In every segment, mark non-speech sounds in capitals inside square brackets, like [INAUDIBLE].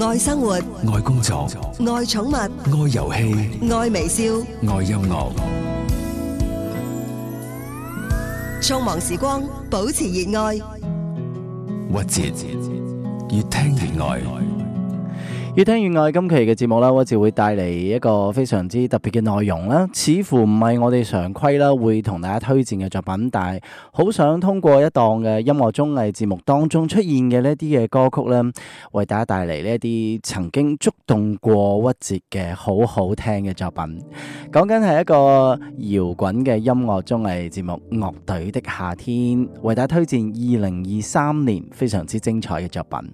愛生活，愛工作，愛寵物，愛遊戲，愛微笑，愛音樂。匆忙時光，保持熱愛。屈折，越聽越愛。越聽越愛今期嘅節目啦，屈折會帶嚟一個非常之特別嘅內容啦。似乎唔係我哋常規啦，會同大家推薦嘅作品，但係好想通過一檔嘅音樂綜藝節目當中出現嘅呢啲嘅歌曲咧,為大家帶嚟呢一啲曾經觸動過屈折嘅好好聽嘅作品。講緊係一個搖滾嘅音樂綜藝節目《樂隊的夏天》，為大家推薦二零二三年非常之精彩嘅作品。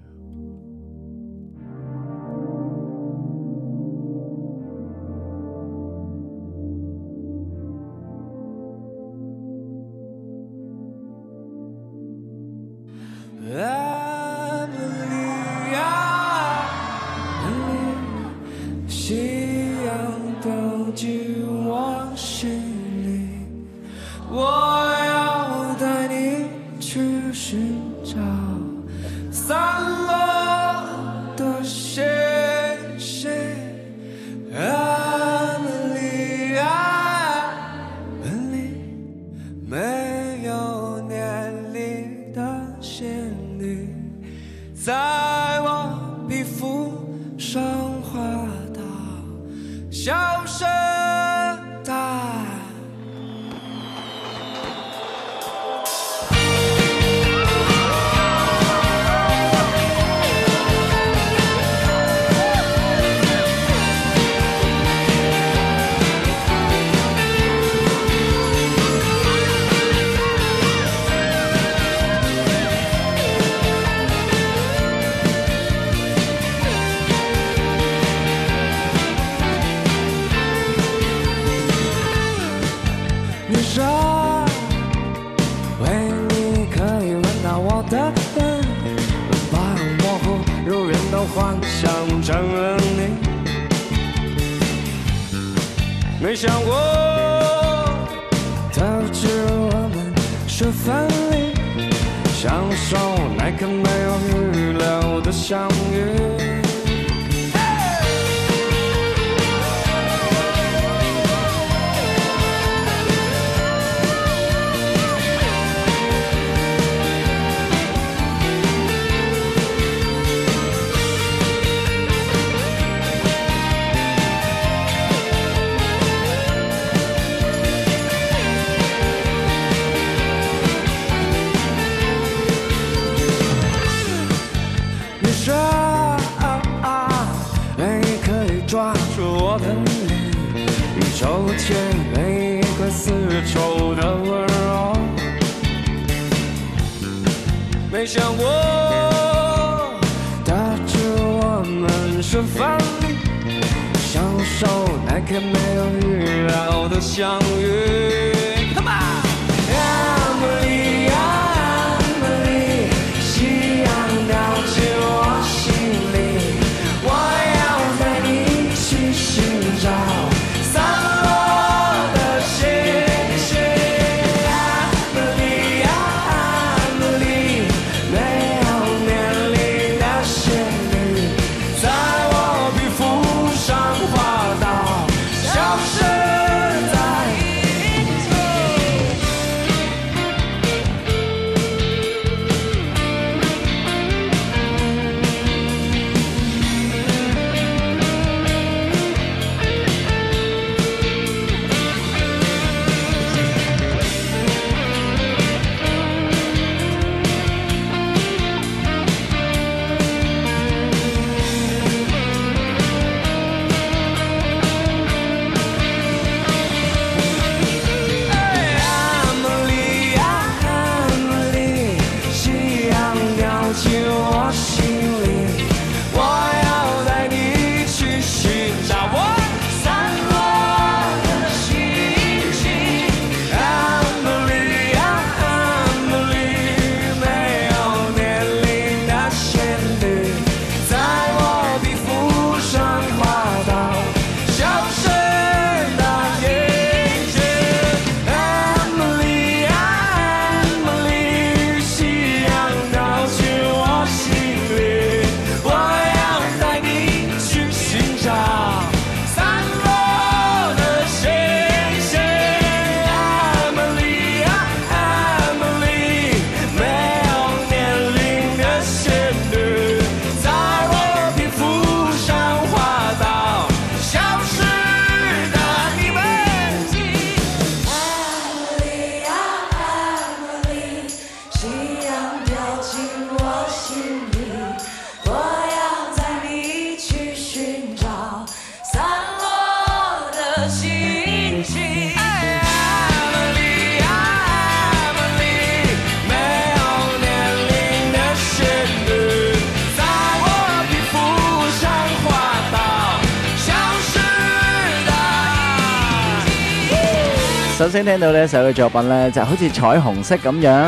首先聽到呢首嘅作品呢，就好似彩虹色咁樣，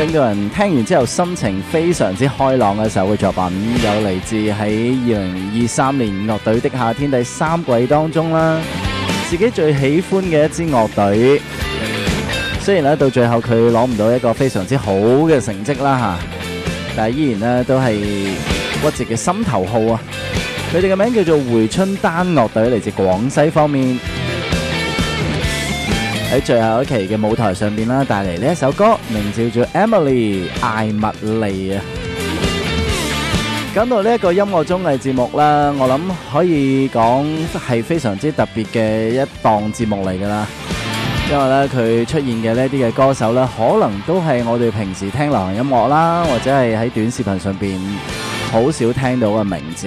令到人聽完之後心情非常之開朗嘅一首嘅作品，有嚟自喺，二零二三年樂隊的夏天第三季當中啦。自己最喜歡嘅一支樂隊，雖然呢到最後佢攞唔到一個非常之好嘅成績啦吓，但係依然呢都係屈指嘅心頭好啊！佢哋嘅名叫做回春丹樂隊，嚟自廣西方面。喺最後一期嘅舞台上邊啦，帶嚟呢一首歌，名叫做《Emily 艾蜜莉》啊！講到呢一個音樂綜藝節目啦，我諗可以講係非常之特別嘅一檔節目嚟噶啦，因為咧佢出現嘅呢啲嘅歌手咧，可能都係我哋平時聽流行音樂啦，或者係喺短視頻上邊好少聽到嘅名字。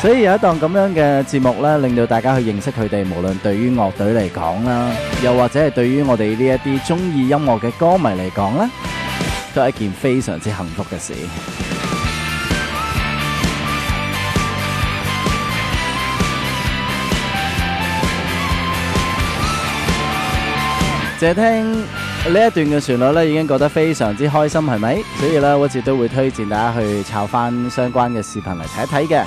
所以有一檔咁樣嘅節目咧，令到大家去認識佢哋，無論對於樂隊嚟講啦，又或者係對於我哋呢一啲中意音樂嘅歌迷嚟講咧，都係一件非常之幸福嘅事。借 [MUSIC] 聽呢一段嘅旋律咧，已經覺得非常之開心，係咪？所以咧，我亦都會推薦大家去抄翻相關嘅視頻嚟睇一睇嘅。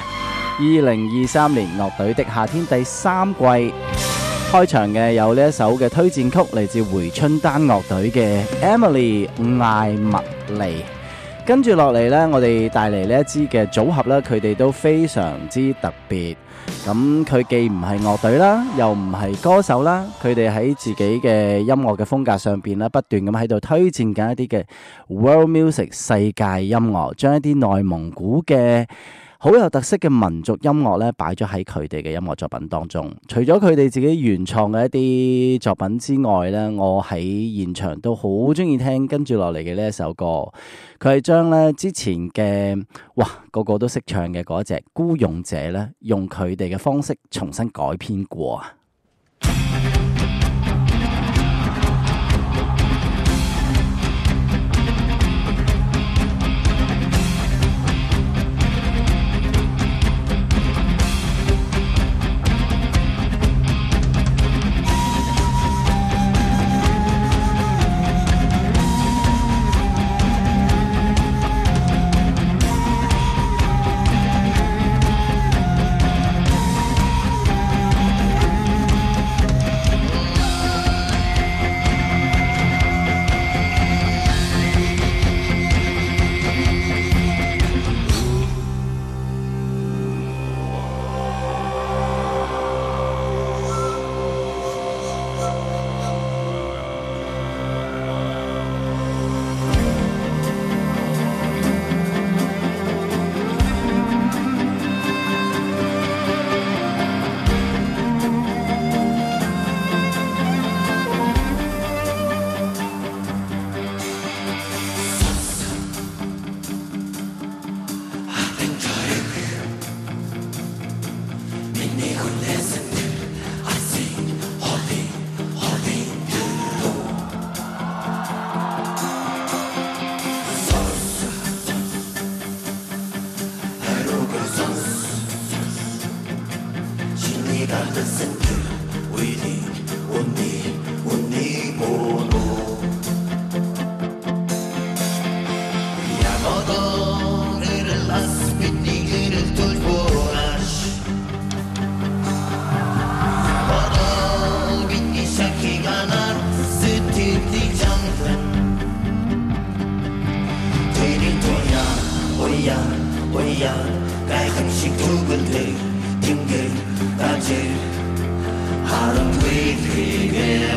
2023年，樂隊的夏天第三季，開場嘅，有呢一首嘅推薦曲，來自回春丹樂隊嘅 Emily 艾蜜莉。跟住落嚟呢，我哋帶嚟呢一支嘅組合啦，佢哋都非常之特別。咁佢既唔係樂隊啦，又唔係歌手啦，佢哋喺自己嘅音樂嘅風格上面，不斷噉喺度推薦緊一啲嘅 world music 世界音樂，將一啲內蒙古嘅好有特色嘅民族音樂呢，擺咗喺佢哋嘅音樂作品當中。除咗佢哋自己原創嘅一啲作品之外呢，我喺現場都好中意聽跟住落嚟嘅呢一首歌。佢係將呢之前嘅哇，個個都識唱嘅嗰隻孤勇者呢，用佢哋嘅方式重新改編過啊！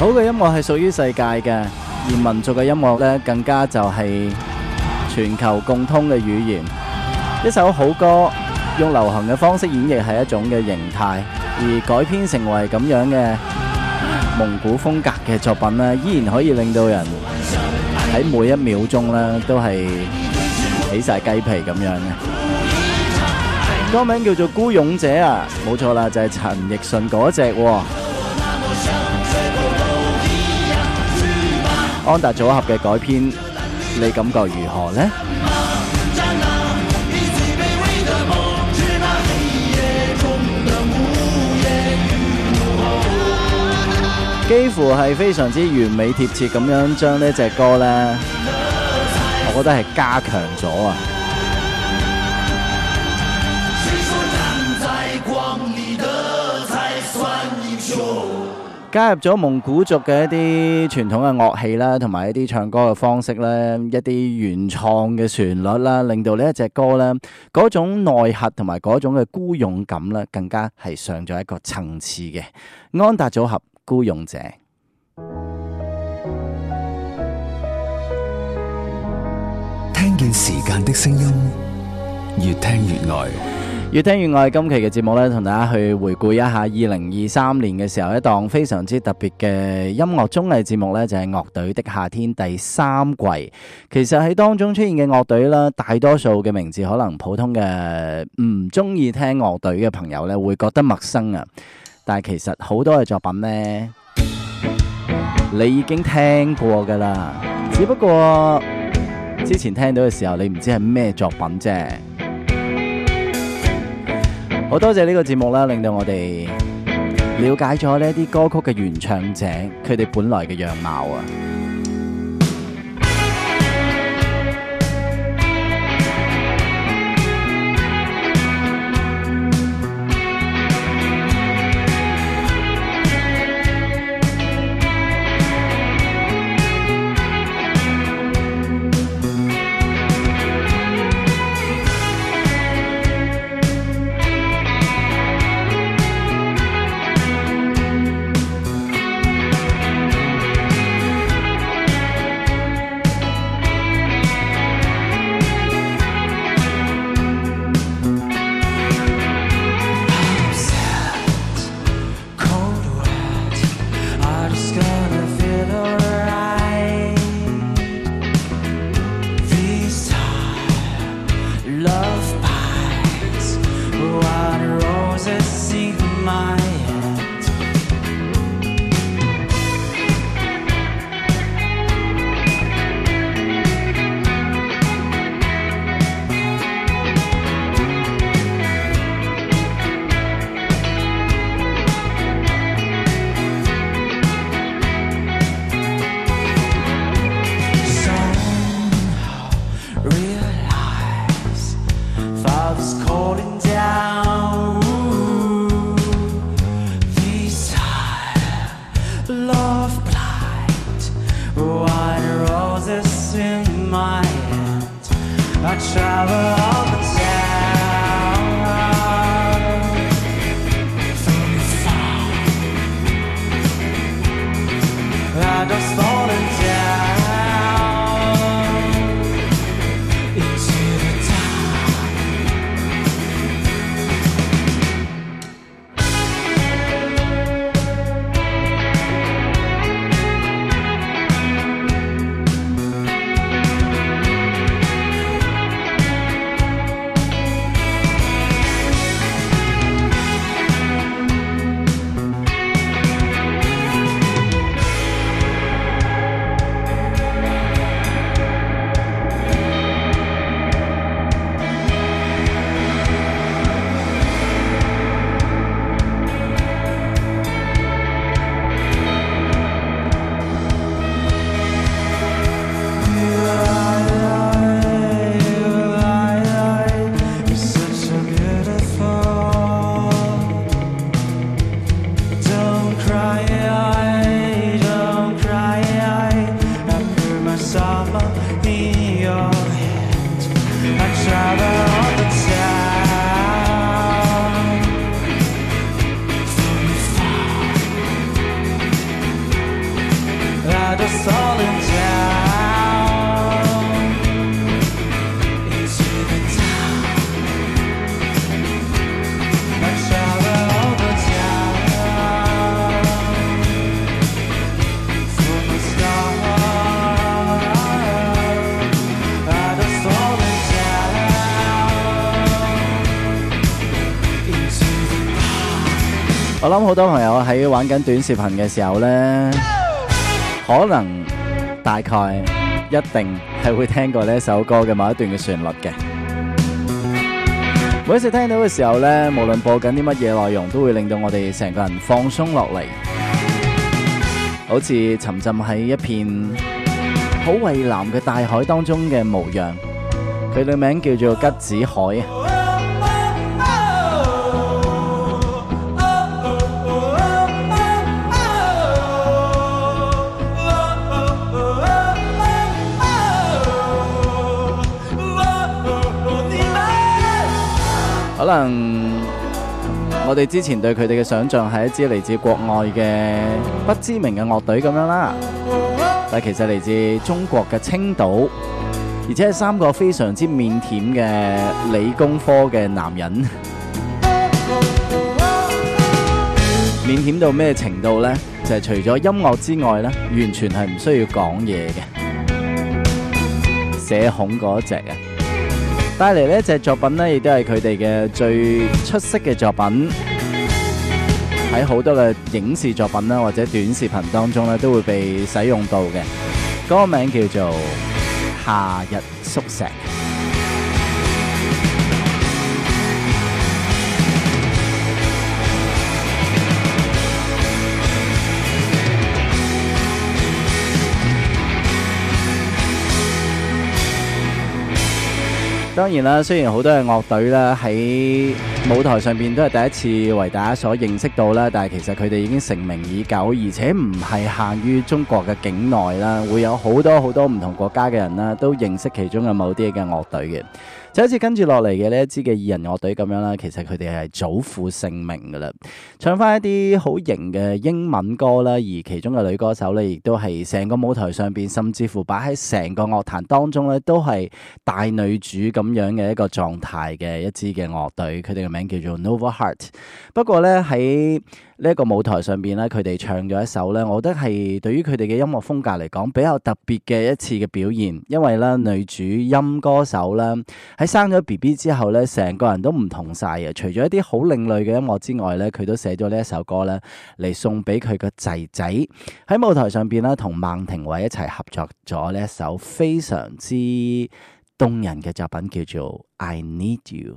好嘅音樂係屬於世界嘅，而民族嘅音樂咧更加就係全球共通嘅語言。一首好歌用流行嘅方式演繹係一種嘅形態，而改編成為咁樣嘅蒙古風格嘅作品咧，依然可以令到人喺每一秒鐘咧都係起晒雞皮咁樣嘅。歌名叫做《孤勇者》啊，冇錯啦，就係陳奕迅嗰隻。安達組合嘅改編，你感覺如何呢？幾乎係非常之完美貼切咁樣將呢隻歌呢，我覺得係加強咗啊！加入咗蒙古族嘅一啲傳統嘅樂器啦，同埋一啲唱歌嘅方式啦，一啲原創嘅旋律啦，令到呢一隻歌呢，嗰種內核同埋嗰種嘅孤勇感呢，更加係上咗一個層次嘅。安達組合孤勇者，聽見時間的聲音，越聽越愛。越聽越愛，今期嘅節目咧，同大家去回顧一下二零二三年嘅時候一檔非常之特別嘅音樂綜藝節目呢，就係樂隊的夏天第三季。其實喺當中出現嘅樂隊啦，大多數嘅名字可能普通嘅唔中意聽樂隊嘅朋友呢，會覺得陌生啊，但係其實好多嘅作品呢，你已經聽過噶啦，只不過之前聽到嘅時候你唔知係咩作品啫。好多謝呢個節目啦，令到我哋了解咗呢啲歌曲嘅原唱者，佢哋本來嘅樣貌啊！我諗好多朋友喺玩緊短視頻嘅時候呢，可能大概一定係會聽過呢首歌嘅某一段嘅旋律嘅。每一次聽到嘅時候呢，無論播緊啲乜嘢內容，都會令到我哋成個人放鬆落嚟，好似沉浸喺一片好蔚藍嘅大海當中嘅模樣。佢嘅名叫做橘子海。可能我哋之前對佢哋嘅想象係一支嚟自國外嘅不知名嘅樂隊咁樣啦，但其實嚟自中國嘅青島，而且係三個非常之腼腆嘅理工科嘅男人， [MUSIC] 腼腆到咩程度呢？就係、是、除咗音樂之外呢，完全係唔需要講嘢嘅，社恐嗰隻啊！帶嚟呢隻作品咧，亦都係佢哋嘅最出色嘅作品，喺好多嘅影視作品啦或者短視頻當中咧都會被使用到嘅。歌名叫做《夏日漱石》。當然啦，雖然好多嘅樂隊啦喺舞台上邊都係第一次為大家所認識到啦，但係其實佢哋已經成名已久，而且唔係限於中國嘅境內啦，會有好多好多唔同國家嘅人啦都認識其中嘅某啲嘅樂隊嘅。就好似跟住落嚟嘅呢一支嘅二人樂隊，咁樣啦，其實佢哋係早負盛名噶啦，唱翻一啲好型嘅英文歌啦，而其中嘅女歌手咧，亦都係成個舞台上邊，甚至乎擺喺成個樂壇當中咧，都係大女主咁樣嘅一個狀態嘅一支嘅樂隊，佢哋嘅名叫做 Nova Heart。不過咧喺呢一個舞台上邊咧，佢哋唱咗一首咧，我覺得係對於佢哋嘅音樂風格嚟講比較特別嘅一次嘅表現，因為咧女主音歌手咧喺生咗 BB 之後咧，成個人都唔同晒嘅，除咗一啲好另類嘅音樂之外咧，佢都寫咗呢一首歌咧嚟送俾佢個仔仔，喺舞台上邊咧，同孟庭葦一齊合作咗呢一首非常之動人嘅作品，叫做 I Need You。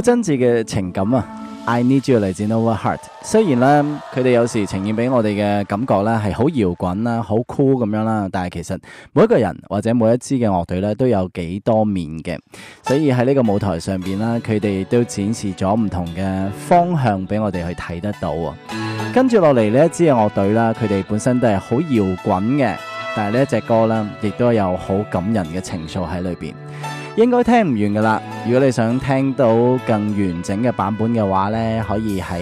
好真摯嘅情感啊！I need you 嚟自 Nova Heart。雖然咧，佢哋有時呈現俾我哋嘅感覺咧，係好搖滾啦、好酷咁樣啦，但係其實每一個人或者每一支嘅樂隊咧，都有幾多面嘅。所以喺呢個舞台上邊啦，佢哋都展示咗唔同嘅方向俾我哋去睇得到。跟住落嚟，呢一支嘅樂隊啦，佢哋本身都係好搖滾嘅，但係呢一隻歌啦，亦都有好感人嘅情緒喺裏邊。應該聽唔完噶啦，如果你想聽到更完整嘅版本嘅話呢，可以喺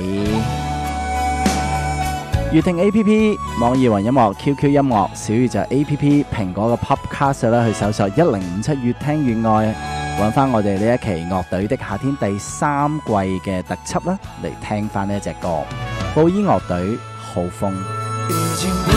樂聽 A P P、網易雲音樂、Q Q 音樂、小宇宙 A P P、蘋果嘅 Podcast 去搜索一零五七越聽越愛，揾翻我哋呢一期樂隊的夏天第三季嘅特輯啦，嚟聽翻呢一隻歌。布衣樂隊好風。已經不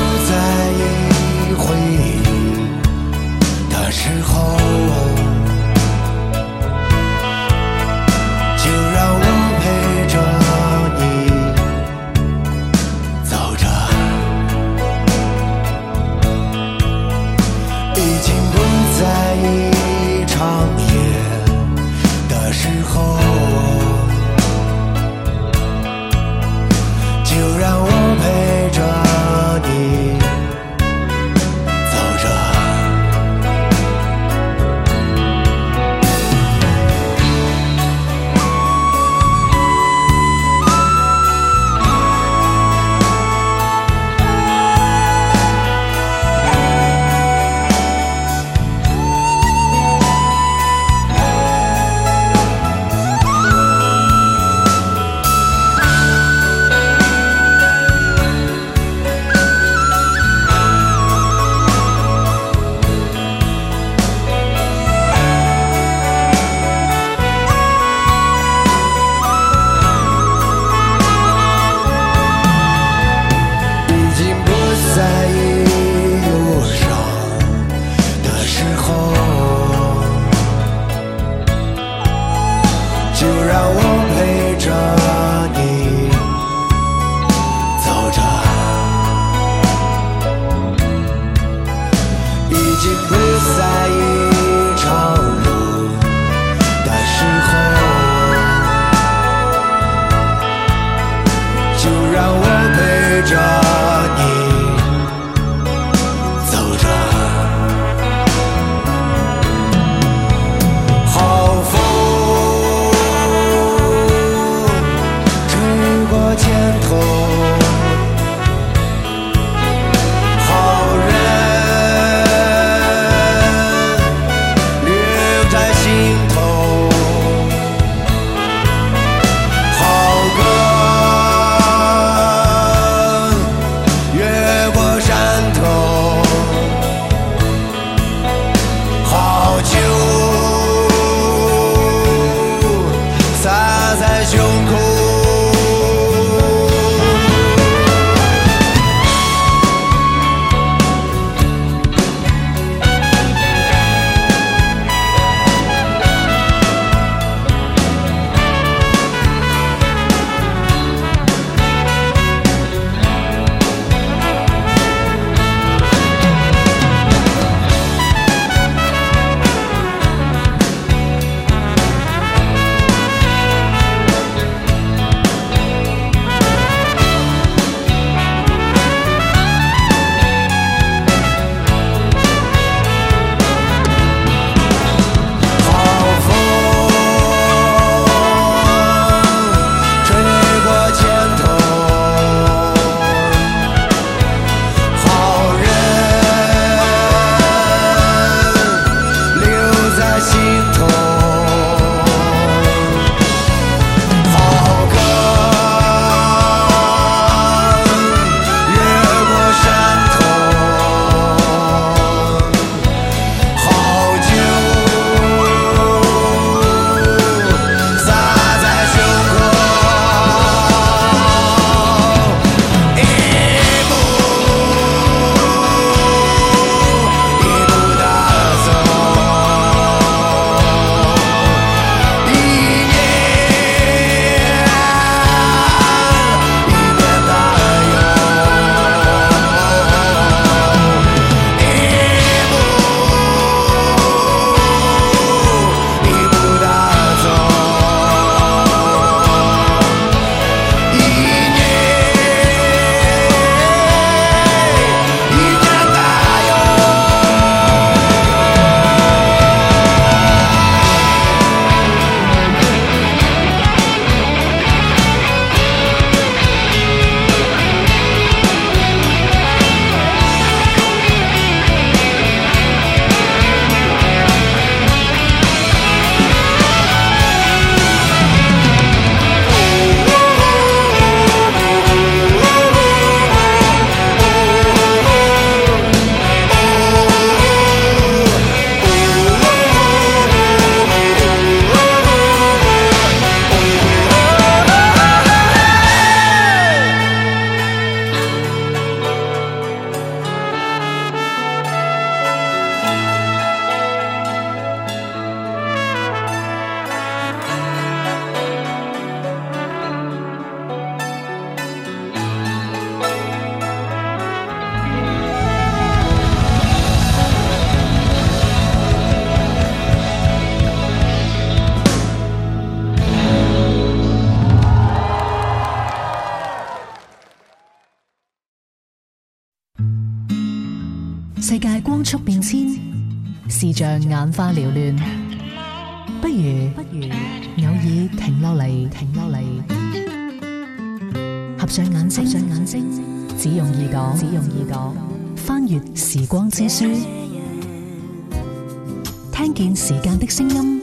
時間的聲音，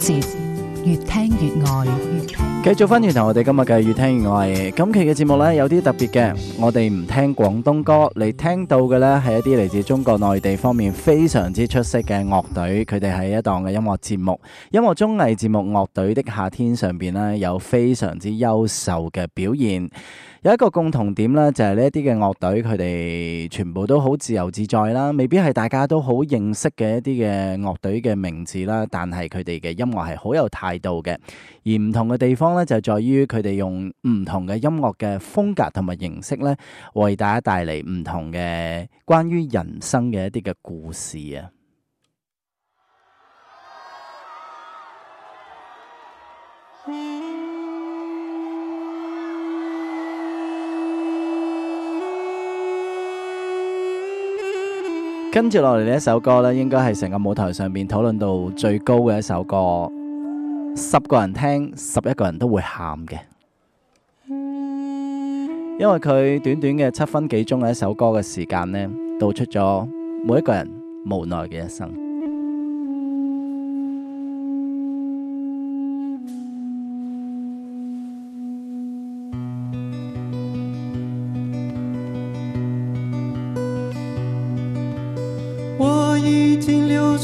曲折越聽越愛。繼續翻轉頭，我哋今日梗係越聽越愛。今期嘅節目呢有啲特別嘅，我哋唔聽廣東歌，你聽到嘅呢係一啲嚟自中國內地方面非常之出色嘅樂隊，佢哋喺一檔嘅音樂節目、音樂綜藝節目《樂隊的夏天》上邊呢有非常之優秀嘅表現。有一個共同點咧，就係呢一啲嘅樂隊，佢哋全部都好自由自在啦，未必係大家都好認識嘅一啲嘅樂隊嘅名字啦。但係佢哋嘅音樂係好有態度嘅，而唔同嘅地方咧，就在於佢哋用唔同嘅音樂嘅風格同埋形式咧，為大家帶嚟唔同嘅關於人生嘅一啲嘅故事啊。跟住落嚟呢一首歌咧，應該係成個舞台上邊討論到最高嘅一首歌，十個人聽，十一個人都會喊嘅，因為佢短短嘅七分幾鐘嘅一首歌嘅時間呢，道出咗每一個人無奈嘅一生。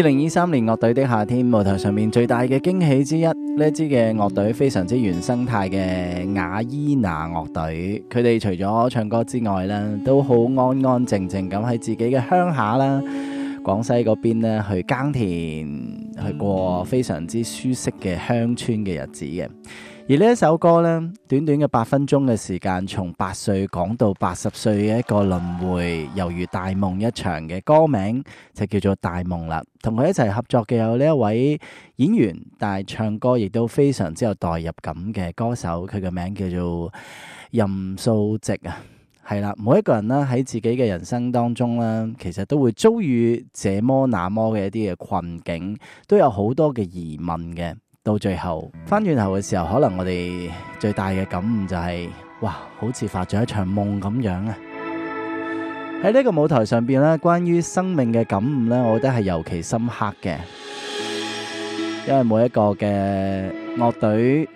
二零二三年樂隊的夏天舞台上面最大嘅驚喜之一，呢支嘅樂隊非常之原生態嘅雅伊娜樂隊，佢哋除咗唱歌之外呢都好安安靜靜咁喺自己嘅鄉下啦，廣西嗰邊呢，去耕田，去過非常之舒適嘅鄉村嘅日子嘅。而呢一首歌咧，短短嘅八分鐘嘅時間，從八歲講到八十歲嘅一個輪迴，猶如大夢一場嘅歌名就叫做《大夢》啦。同佢一齊合作嘅有呢一位演員，但係唱歌亦都非常之有代入感嘅歌手，佢嘅名叫做任素汐啊。係啦，每一個人啦，喺自己嘅人生當中啦，其實都會遭遇這麼那麼嘅一啲嘅困境，都有好多嘅疑問嘅。到最後返轉頭嘅時候，可能我哋最大嘅感悟就係，哇，好似發咗一場夢咁樣啊！喺呢個舞台上邊咧，關於生命嘅感悟咧，我覺得係尤其深刻嘅，因為每一個嘅樂隊，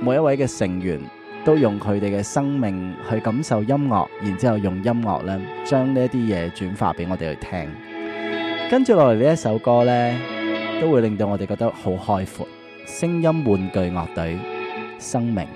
每一位嘅成員，都用佢哋嘅生命去感受音樂，然之後用音樂咧，將呢一啲嘢轉化俾我哋去聽。跟住落嚟呢一首歌咧。都會令到我哋覺得好開闊，聲音玩具樂隊，生命。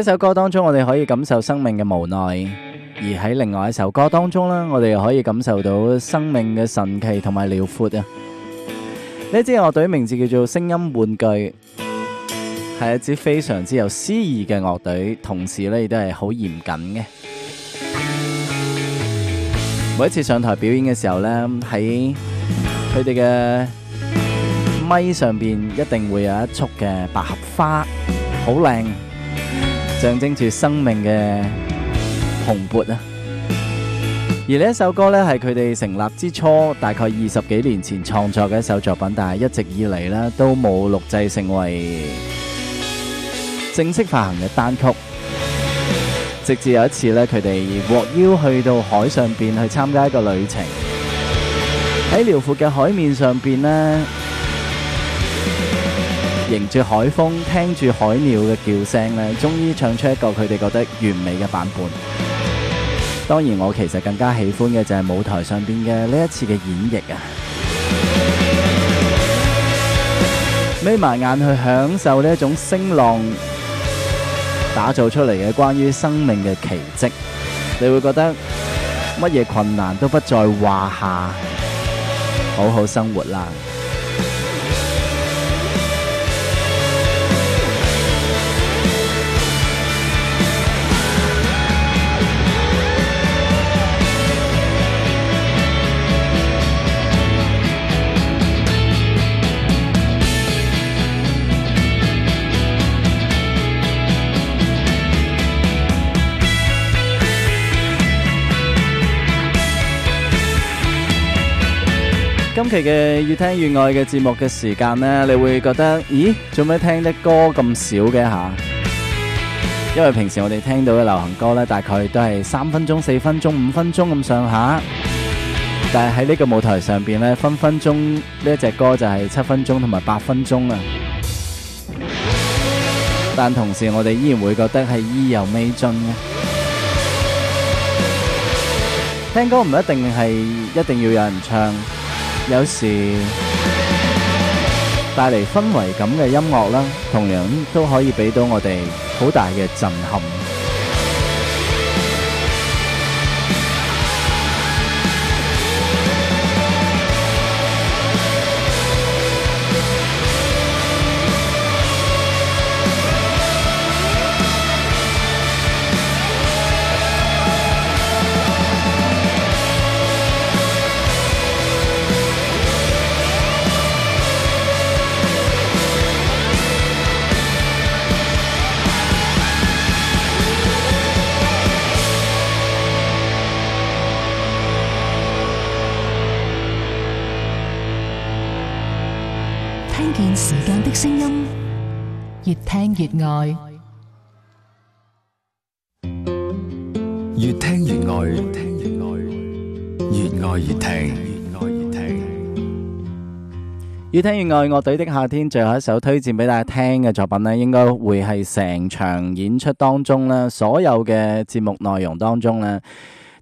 一首歌當中，我哋可以感受生命嘅無奈；而喺另外一首歌當中呢，我哋又可以感受到生命嘅神奇同埋遼闊啊！呢支樂隊名字叫做《聲音玩具》，係一支非常之有詩意嘅樂隊，同時呢亦都係好嚴謹嘅。每一次上台表演嘅時候呢，喺佢哋嘅咪上面一定會有一束嘅百合花，好靚。象徵住生命嘅蓬勃啊。而呢一首歌呢，係佢哋成立之初大概二十幾年前創作嘅一首作品，但係一直以嚟呢，都冇錄製成為正式發行嘅單曲，直至有一次呢，佢哋獲邀去到海上邊去參加一個旅程，喺遼闊嘅海面上邊呢。迎住海風，聽住海鳥嘅叫聲咧，終於唱出一個佢哋覺得完美嘅版本。當然，我其實更加喜歡嘅就係舞台上邊嘅呢一次嘅演繹啊！眯埋 [MUSIC] 眼去享受呢一種聲浪打造出嚟嘅關於生命嘅奇蹟，你會覺得乜嘢困難都不在話下，好好生活啦！今期嘅越聽越愛嘅節目嘅時間咧，你會覺得咦，做咩聽啲歌咁少嘅吓？因為平時我哋聽到嘅流行歌咧，大概都係三分鐘、四分鐘、五分鐘咁上下，但係喺呢個舞台上邊咧，分分鐘呢一隻歌就係七分鐘同埋八分鐘啊！但同時我哋依然會覺得係意猶未盡嘅。聽歌唔一定係一定要有人唱。有時帶嚟氛圍感嘅音樂啦，同樣都可以畀到我哋好大嘅震撼。越聽越愛，越聽越愛，越愛越聽，越愛越聽。越聽越愛，樂隊的夏天最後一首推薦俾大家聽嘅作品咧，應該會係成場演出當中咧，所有嘅節目內容當中咧，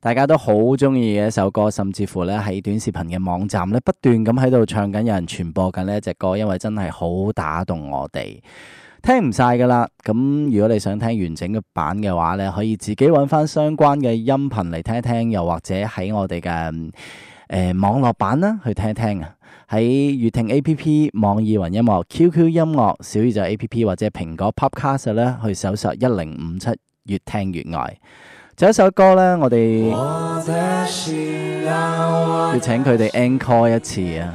大家都好中意嘅一首歌，甚至乎咧喺短視頻嘅網站咧，不斷咁喺度唱緊，有人傳播緊呢一隻歌，因為真係好打動我哋。聽唔晒噶啦，咁如果你想聽完整嘅版嘅話咧，可以自己揾翻相關嘅音頻嚟聽一聽，又或者喺我哋嘅誒網絡版啦去聽一聽啊。喺粵聽 A P P、網易雲音樂、Q Q 音樂、小宇宙 A P P 或者蘋果 Podcast 咧去搜索一零五七，越聽越愛。仲有一首歌咧，我哋要請佢哋 encore 一次啊！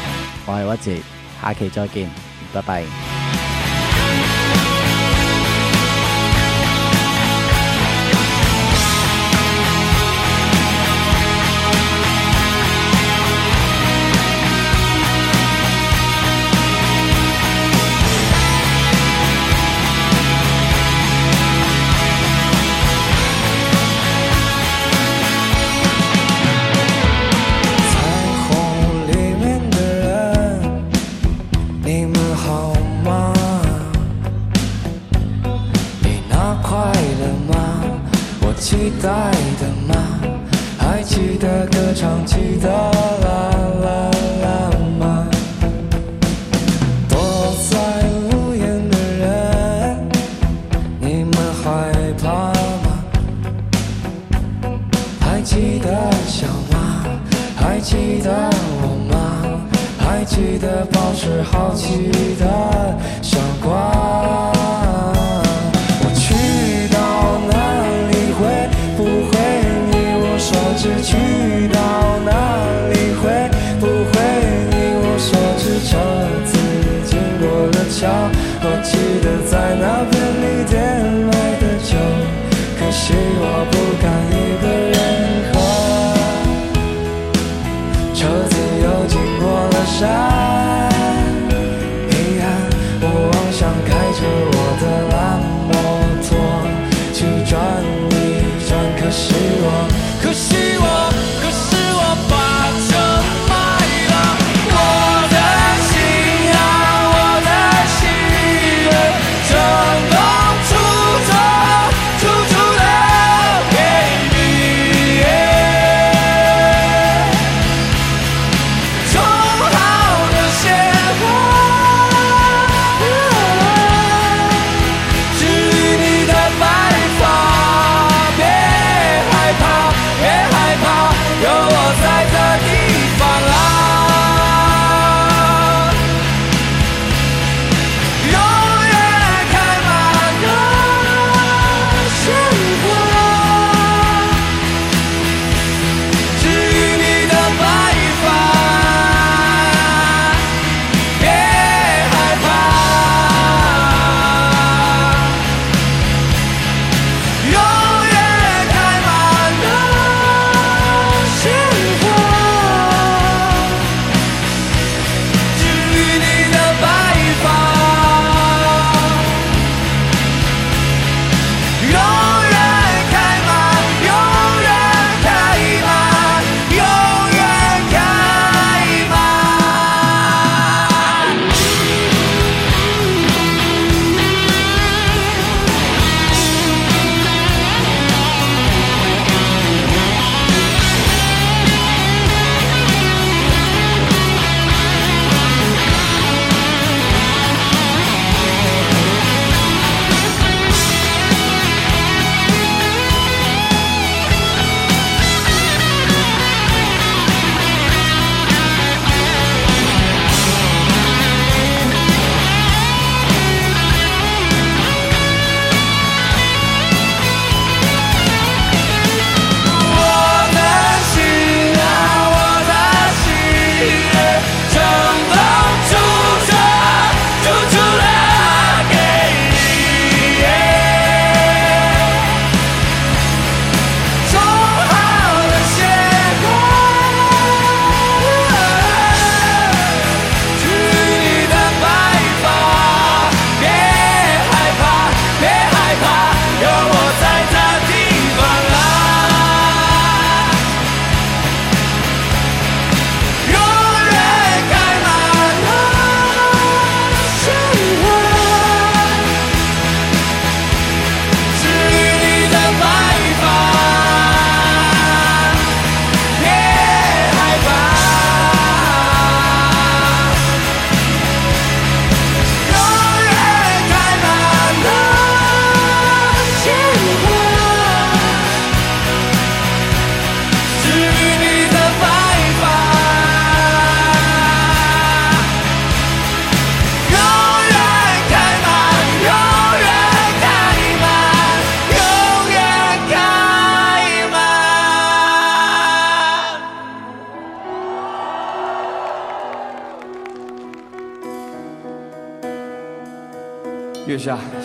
我係屈志，下期再見，拜拜。